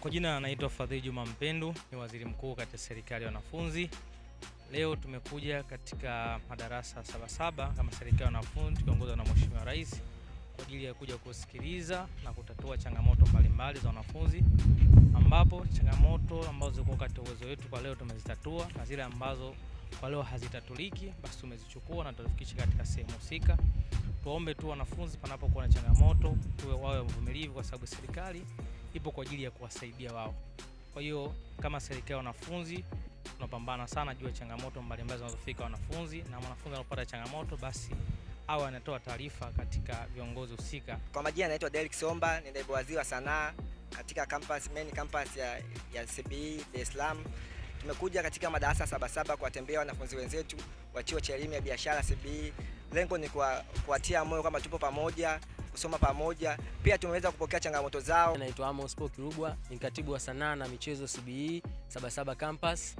Kwa jina anaitwa Fadhili Juma Mpendu, ni waziri mkuu katika serikali ya wanafunzi. Leo tumekuja katika madarasa Sabasaba kama serikali ya wanafunzi tukiongozwa na Mheshimiwa Rais kwa ajili ya kuja kusikiliza na kutatua changamoto mbalimbali za wanafunzi, ambapo changamoto ambazo ziko katika uwezo wetu kwa leo tumezitatua na zile ambazo kwa leo hazitatuliki, basi tumezichukua na tutafikisha katika sehemu husika. Tuombe tu wanafunzi, panapokuwa na changamoto, tuwe wawe wavumilivu, kwa sababu serikali ipo kwa ajili ya kuwasaidia wao. Kwa hiyo kama serikali, wanafunzi tunapambana sana juu ya changamoto mbalimbali zinazofika wanafunzi, na mwanafunzi anapopata changamoto basi au anatoa taarifa katika viongozi husika. Kwa majina anaitwa Derek Somba, ni naibu waziri wa sanaa katika campus, main campus ya, ya CBE Dar es Salaam. Tumekuja katika madarasa Sabasaba kuwatembea wanafunzi wenzetu wa chuo cha elimu ya biashara CBE. Lengo ni kuwatia moyo kwamba tupo pamoja, kusoma pamoja. Pia tumeweza kupokea changamoto zao. Naitwa Amos Paul ni katibu wa sanaa na michezo CBE Sabasaba campus.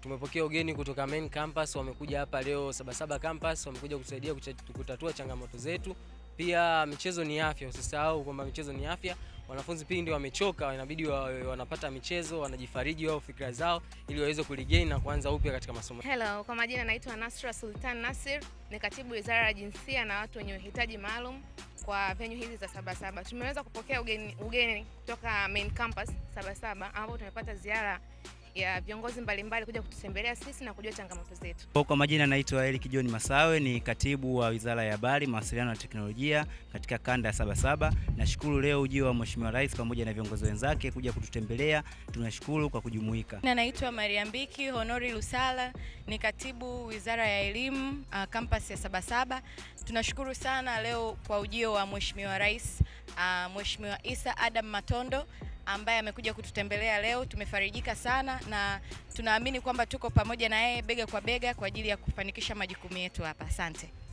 Tumepokea ugeni kutoka main campus, wamekuja hapa leo Sabasaba campus, wamekuja kutusaidia kutatua changamoto zetu. Pia michezo ni afya, usisahau kwamba michezo ni afya. Wanafunzi pindi wamechoka, inabidi wa, wanapata michezo, wanajifariji wao fikra zao, ili waweze kurigain na kuanza upya katika masomo. Hello, kwa majina naitwa Nasra Sultan Nasir, ni katibu wizara ya jinsia na watu wenye uhitaji maalum kwa venyu hizi za Sabasaba. Tumeweza kupokea ugeni, ugeni kutoka main campus Sabasaba ambapo tumepata ziara ya viongozi mbalimbali kuja kututembelea sisi na kujua changamoto zetu. Kwa majina naitwa Eric John Masawe, ni katibu wa Wizara ya Habari, Mawasiliano na Teknolojia katika kanda ya Sabasaba. Nashukuru leo ujio wa Mheshimiwa Rais pamoja na viongozi wenzake kuja kututembelea, tunashukuru kwa kujumuika. Na naitwa Maria Mbiki Honori Lusala, ni katibu Wizara ya Elimu kampasi uh, ya Sabasaba. Tunashukuru sana leo kwa ujio wa Mheshimiwa Rais uh, Mheshimiwa Isa Adam Matondo ambaye amekuja kututembelea leo. Tumefarijika sana na tunaamini kwamba tuko pamoja na yeye bega kwa bega kwa ajili ya kufanikisha majukumu yetu hapa. Asante.